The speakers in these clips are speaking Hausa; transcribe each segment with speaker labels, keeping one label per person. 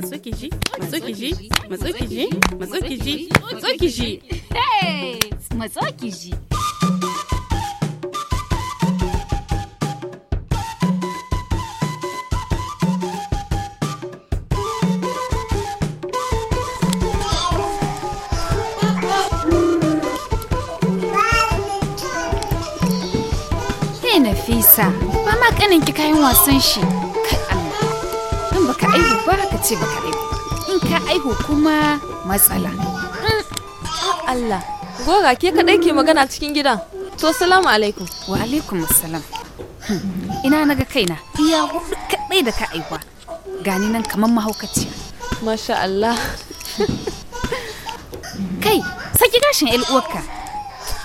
Speaker 1: Masukiji, Masukiji, Masukiji, Masukiji, Masukiji. Hey! Masukiji. Nafisa, ba ma kanin ki kayan wasan shi. baka aihu ba ka ce baka aihu in ka aihu kuma matsala mm. ah, Allah goga ke kaɗai ke magana cikin gidan to salamu alaikum wa alaikum salam hmm. ina naga kaina iya hudu kadai da ka aihuwa gani nan kamar mahaukaciya masha Allah kai saki gashin el uwarka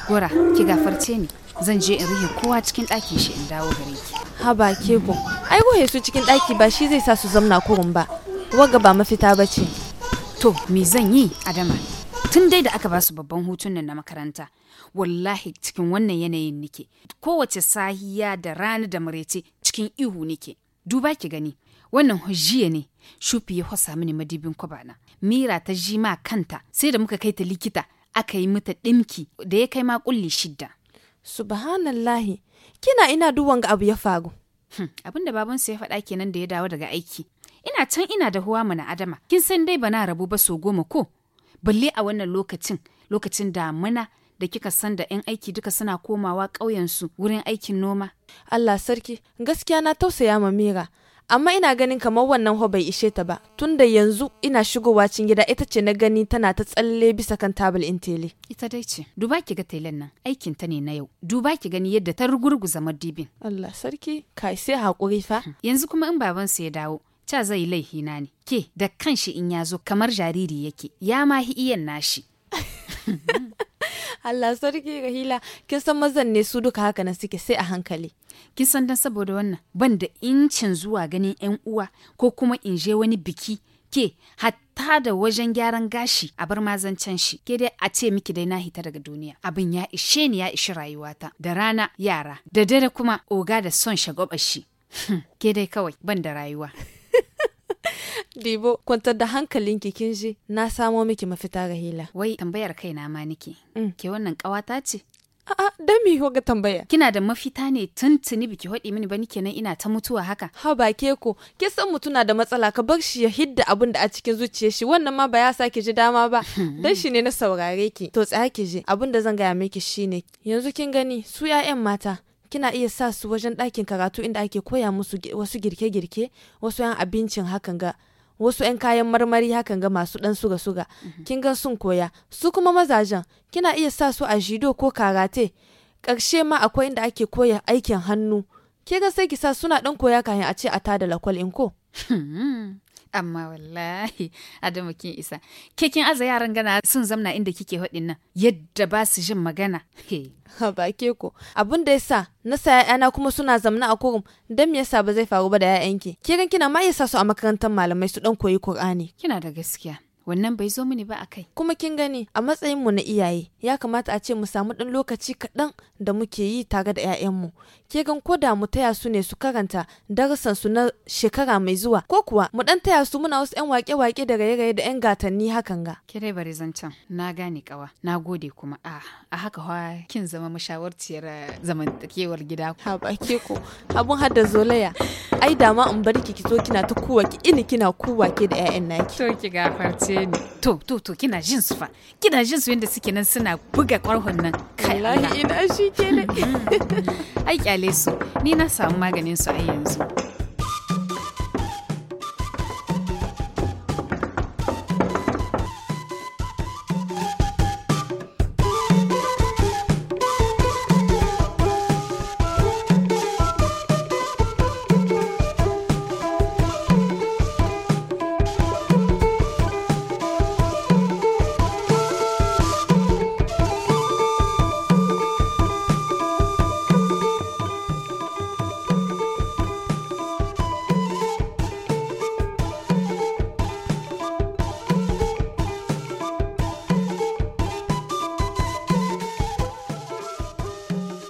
Speaker 1: gora ki gafarce ni zan je in rihe kowa cikin ɗakin shi in dawo gare ki haba ke bon ai goye su cikin ɗaki ba shi zai sa su zamna kurun ba waga ba mafita ba ce to me zan yi adama tun dai da aka ba su babban hutun na makaranta wallahi cikin wannan yanayin nike kowace sahiya da rana da murece cikin ihu nike duba ki gani wannan hujjiya ne shufi ya hwasa mini madibin kwabana mira ta ji ma kanta sai da muka kai ta likita aka yi mata ɗimki da ya kai ma kulli shidda subhanallahi kina ina duwan ga abu ya faru Hmm, abin da babansu ya faɗa kenan da ya dawo daga aiki ina can ina da huwa mana adama kin san dai bana rabu ba so goma ko balle a wannan lokacin lokacin damuna da kika san da 'yan aiki duka suna komawa ƙauyensu wurin aikin noma Allah sarki gaskiya na tausaya ma mira amma ina ganin kamar wannan ho bai ishe ta ba tunda yanzu ina shigowa cin gida ita ce na gani tana ta tsalle bisa kan tabul in tele ita dai ce duba ki ga telan nan aikin ta ne na yau duba ki gani yadda ta rugurguza madibin Allah sarki kai sai hakuri fa hmm. yanzu kuma in baban su ya dawo ca zai laihi na ne ke da kanshi in ya zo kamar jariri yake ya ma hi iyan nashi Allah sarki rahila kin san mazan ne su duka haka nan suke sai a hankali kin san dan saboda wannan ban da incin zuwa ganin yan uwa ko kuma in je wani biki ke hatta da wajen gyaran gashi a bar mazancan shi ke dai a ce miki dai na hita daga duniya abin ya ishe ni ya ishi rayuwata da rana yara da dare kuma oga da son shagobar shi ke dai kawai ban da rayuwa Dibo, kwantar da hankalinki kin ji na samo miki mafita ga hila. Wai tambayar na ma nike. Mm. Ke wannan ƙawata ce? A'a, dan me ga tambaya? Kina da mafita ne tun tuntuni biki hodi mini ba nike nan ina ta mutuwa haka. Ha ba ke ko, ke san mutuna da matsala ka bar shi ya hidda abin da a cikin zuciyar shi wannan ma ba ya sa ki ji dama ba. dan shi ne na saurare ki. To tsaya ki ji, abin da zan gaya miki shine yanzu kin gani su 'ya'yan mata kina iya sa su wajen ɗakin karatu inda ake koya musu wasu girke-girke, wasu 'yan abincin hakan ga. wasu 'yan kayan marmari hakan ga masu dan suga-suga mhm. kin ga sun koya su kuma mazajen kina iya sa su a jido ko karate ƙarshe ma akwai inda ake koya aikin hannu ke ga sai ki sa suna dan koya kayan a ce a tada lakwal in ko hmm. amma wallahi adamu kin isa ke kin aza yaran gana sun zamna inda kike haɗin nan yadda ba su jin magana ha ba ke ko abun da yasa na sa yana kuma suna zamna a kurum dan me yasa ba zai faru ba da ƴaƴanki kiran kina ma yasa su a makarantar malamai su dan koyi kur'ani. kina da gaskiya wannan bai zo mini ba a kai. Kuma kin gani a matsayin mu na iyaye ya kamata a ce mu samu ɗan lokaci kaɗan da muke yi tare da 'ya'yanmu. Ke gan ko da mu taya su ne su karanta darasan su na shekara mai zuwa ko kuwa mu ɗan taya su muna wasu 'yan wake-wake da raye-raye da 'yan gatanni hakan ga. Kire bari zancen na gane kawa na gode kuma a a haka fa kin zama mashawarciyar eh, zamantakewar gida. Ha ba ke ko abun hadda zolaya. Ai dama in bar ki ki zo kina ta kuwa ki ini kina kuwa ke da 'ya'yan naki. To ki gafarci. sai to to to kina jin su fa kina jin su yadda suke nan suna buga kwarhon nan kai Allah ina shi mm-hmm. ai kyale su ni na samu maganin su a yanzu